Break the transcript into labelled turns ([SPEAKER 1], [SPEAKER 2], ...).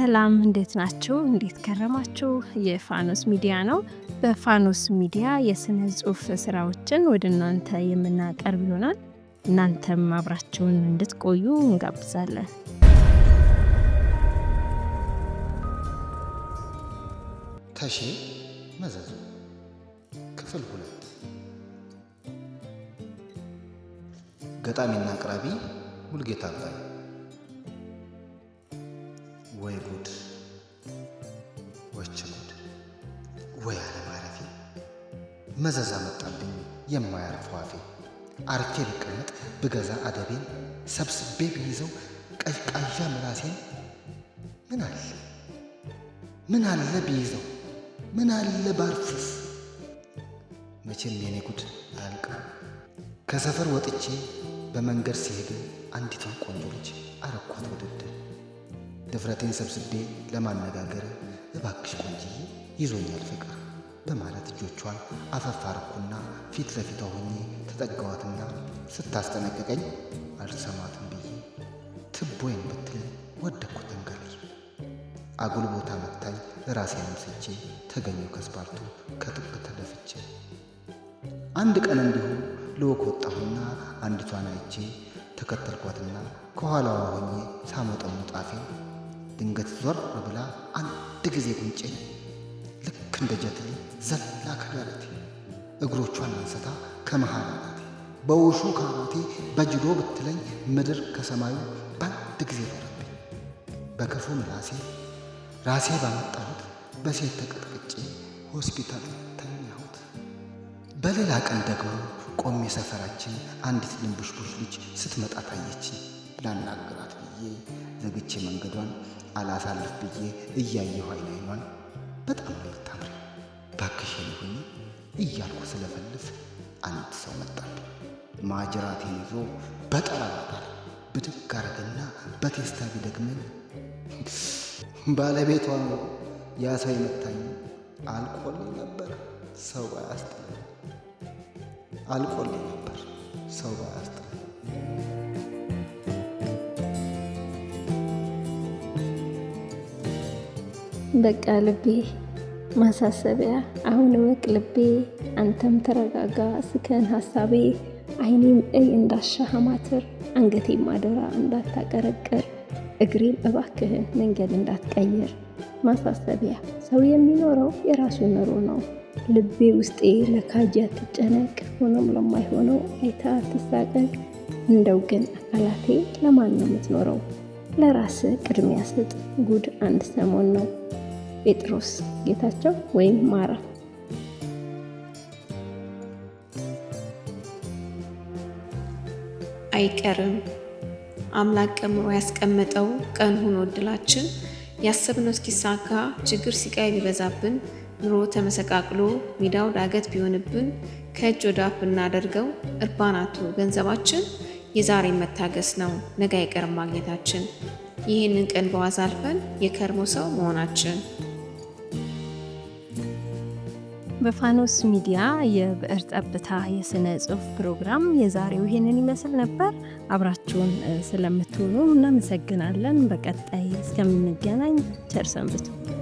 [SPEAKER 1] ሰላም እንዴት ናችሁ? እንዴት ከረማችሁ? የፋኖስ ሚዲያ ነው። በፋኖስ ሚዲያ የስነ ጽሁፍ ስራዎችን ወደ እናንተ የምናቀርብ ይሆናል። እናንተም አብራችሁን እንድትቆዩ እንጋብዛለን።
[SPEAKER 2] ተሼ መዘዙ ክፍል ሁለት። ገጣሚና አቅራቢ ሙልጌታ አባይ ወይ ጉድ ወች ጉድ ወይ አለማረፊ መዘዛ መጣብኝ የማያርፈው አፌ አርፌ ብቀመጥ ብገዛ አደቤን ሰብስቤ ብይዘው ቀዥቃዣ ምላሴን ምን አለ ምን አለ ብይዘው ምን አለ ባርፍስ መቼም የኔ ጉድ አያልቅም። ከሰፈር ወጥቼ በመንገድ ሲሄድ አንዲትን ቆንጆ ልጅ አረኳት ውድድር ድፍረቴን ሰብስቤ ለማነጋገር እባክሽ ቆንጅዬ ይዞኛል ፍቅር በማለት እጆቿን አፈፋርኩና ፊት ለፊቷ ሆኜ ተጠጋዋትና ስታስጠነቅቀኝ አልሰማትም ብዬ ትቦይን ብትል ወደኩት ተንገር አጉል ቦታ መታኝ። ራሴ ምስቼ ተገኘ ከስፓልቱ ከጥቅ ተደፍቼ። አንድ ቀን እንዲሁ ልወክ ወጣሁና አንዲቷን አይቼ ተከተልኳትና ከኋላዋ ሆኜ ሳመጠሙ ጣፌ ድንገት ዞር ብላ አንድ ጊዜ ጉንጬን ልክ እንደ ጀትሌ ዘላ ከዳለቴ እግሮቿን አንስታ ከመሃል አናቴ በውሹ ካሮቴ በጅዶ ብትለኝ ምድር ከሰማዩ በአንድ ጊዜ ዞረብኝ። በክፉ ምላሴ ራሴ ባመጣሁት በሴት ተቀጥቅጬ ሆስፒታል ተኛሁት። በሌላ ቀን ደግሞ ቆሜ ሰፈራችን አንዲት ድንቡሽቡሽ ልጅ ስትመጣ ታየችኝ። ላናግራት ብዬ ዘግቼ መንገዷን አላሳልፍ ብዬ እያየሁ አይን አይኗን በጣም ልታምሪ ባክሽ ሁኝ እያልኩ ስለፈልፍ አንድ ሰው መጣል ማጅራቴን ይዞ በጠራባታል ብድግ አረግና በቴስታ ቢደግመን ባለቤቷ ነው ያ ሰው የመታኝ። አልቆልኝ ነበር ሰው አያስጥልም። አልቆልኝ ነበር ሰው አያስጥልም።
[SPEAKER 1] በቃ ልቤ ማሳሰቢያ፣ አሁን እወቅ ልቤ፣ አንተም ተረጋጋ፣ ስከን ሀሳቤ፣ አይኔም እይ እንዳሻህ ማትር፣ አንገቴም አደራ እንዳታቀረቅር፣ እግሬም እባክህን መንገድ እንዳትቀይር። ማሳሰቢያ፣ ሰው የሚኖረው የራሱ ኑሮ ነው። ልቤ ውስጤ ለካጃ ትጨነቅ፣ ሆኖም ለማይሆነው አይታ ትሳቀቅ። እንደው ግን አካላቴ ለማን ነው የምትኖረው? ለራስ ቅድሚያ ስጥ፣ ጉድ አንድ ሰሞን ነው። ጴጥሮስ ጌታቸው ወይም ማራ
[SPEAKER 3] አይቀርም። አምላክ ቀምሮ ያስቀመጠው ቀን ሆኖ እድላችን ያሰብነው እስኪሳካ ችግር ሲቃይ ቢበዛብን ኑሮ ተመሰቃቅሎ ሜዳው ዳገት ቢሆንብን ከእጅ ወደ አፍ ብናደርገው እርባናቱ ገንዘባችን የዛሬ መታገስ ነው፣ ነገ አይቀርም ማግኘታችን። ይህንን ቀን በዋዛ አልፈን የከርሞ ሰው መሆናችን
[SPEAKER 1] በፋኖስ ሚዲያ የብዕር ጠብታ የስነ ጽሁፍ ፕሮግራም የዛሬው ይህንን ይመስል ነበር። አብራችሁን ስለምትሆኑ እናመሰግናለን። በቀጣይ እስከምንገናኝ ቸር ሰንብቱ።